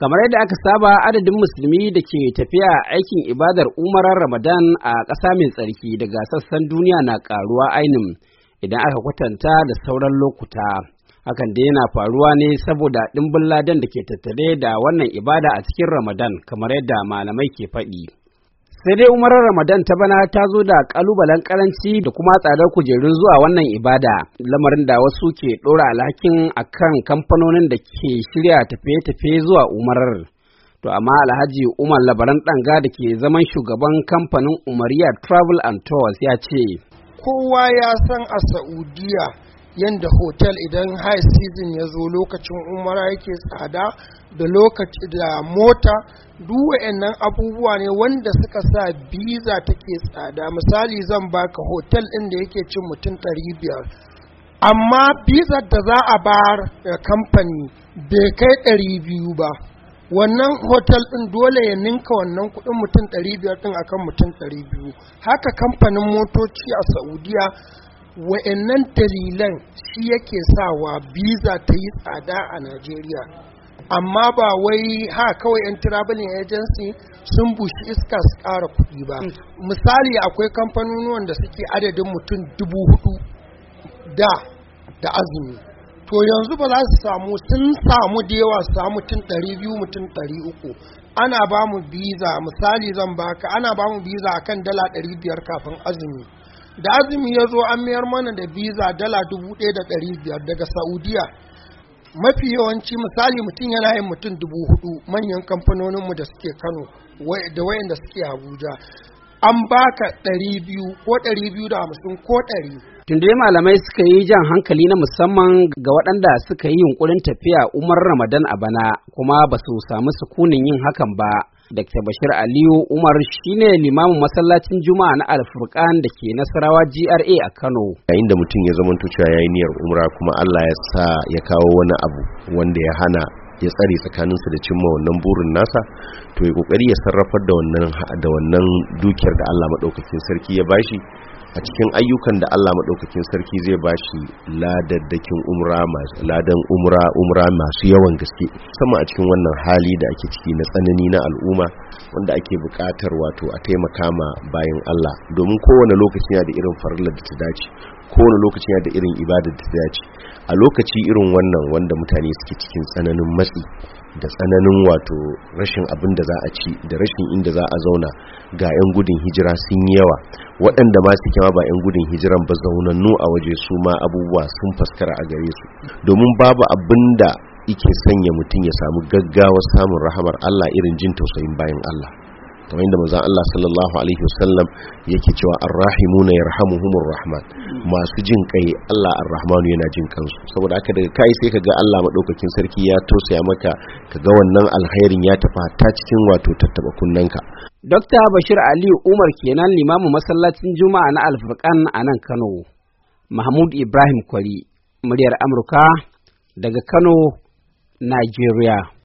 Kamar yadda aka saba adadin musulmi da ke tafiya aikin ibadar umarar Ramadan a ƙasa mai tsarki daga sassan duniya na ƙaruwa ainin idan aka kwatanta da sauran lokuta. Hakan da yana faruwa ne saboda ɗimbin ladan da ke tattare da wannan ibada a cikin Ramadan kamar yadda malamai ke faɗi. sai dai umarar ramadan ta bana ta zo da kalubalen karanci da kuma tsadar kujerun zuwa wannan ibada lamarin da wasu ke ɗora alhakin akan kamfanonin da ke shirya tafiye-tafiye zuwa umarar to amma alhaji umar labaran ɗanga da ke zaman shugaban kamfanin umariya travel and tours ya ce kowa ya san a saudiya yadda hotel idan high season ya zo lokacin umara yake tsada da lokaci da mota duk nan abubuwa ne wanda suka sa biza take tsada misali zan baka hotel ɗin da yake cin mutum 500 amma bizar da za a bayar da kamfani bai kai 200 ba wannan hotel ɗin dole ya ninka wannan kuɗin mutum 500 ɗin akan mutum 200 haka kamfanin motoci a saudiya wa'annan dalilan shi yake sawa biza ta yi tsada a najeriya amma ba wai ha kawai 'yan traveling agency sun bushi iska su ƙara kuɗi ba mm. misali akwai kamfanonuwan da suke adadin mutum dubu hudu da da azumi to yanzu ba za su samu sun samu da yawa su samu mutum ɗari biyu mutum ɗari uku ana ba mu biza misali zan baka ana ba mu biza akan dala ɗari biyar kafin azumi da azumi ya zo an mayar mana da visa dala dubu ɗaya da ɗari biyar daga saudiya mafi yawanci misali mutum yana yin mutum dubu hudu manyan kamfanoninmu da suke kano da wayanda suke abuja an baka ɗari biyu ko ɗari biyu da hamsin ko ɗari Tunde malamai suka yi jan hankali na musamman ga waɗanda suka yi yunkurin tafiya Umar Ramadan a bana kuma ba su samu sukunin yin hakan ba. Dr. Bashir Aliyu Umar shine limamin masallacin Juma'a na Alfurkan da ke Nasarawa GRA a Kano. Yayin da mutum ya zamanto cewa yi niyyar umra kuma Allah ya sa ya kawo wani abu wanda ya hana ya tsare tsakaninsu da cimma wannan burin nasa to ya kokari ya sarrafar da wannan da wannan dukiyar da Allah madaukakin sarki ya bashi a cikin ayyukan da Allah madaukakin sarki zai bashi ladaddakin umra masu ladan umra umra masu yawan gaske sama a cikin wannan hali da ake ciki na tsanani na al'umma wanda ake buƙatar wato a taimaka ma bayan Allah domin kowane lokaci yana da irin farilla da ta dace kowane lokaci yana da irin ibada da ta dace a lokaci irin wannan wanda mutane suke cikin tsananin matsi da tsananin wato rashin abin da za a ci da rashin inda za a zauna ga 'yan gudun hijira sun yi yawa waɗanda ma su ba 'yan gudun hijiran ba zaunannu a waje su ma abubuwa sun faskara a gare su domin babu abin da ike sanya mutum ya samu gaggawa samun rahamar Allah irin jin tausayin bayan Allah kamar yadda manzon Allah sallallahu alaihi wasallam yake cewa arrahimuna yarhamuhumur rahman masu jin kai Allah arrahman yana jin kansu saboda haka daga kai sai kaga Allah madaukakin sarki ya tosaya maka kaga wannan alkhairin ya tafa ta cikin wato tattaba kunnanka Dr. Bashir Ali Umar kenan limamin masallacin Juma'a na Alfurqan a nan Kano Mahmud Ibrahim Kwari muryar Amurka daga Kano Nigeria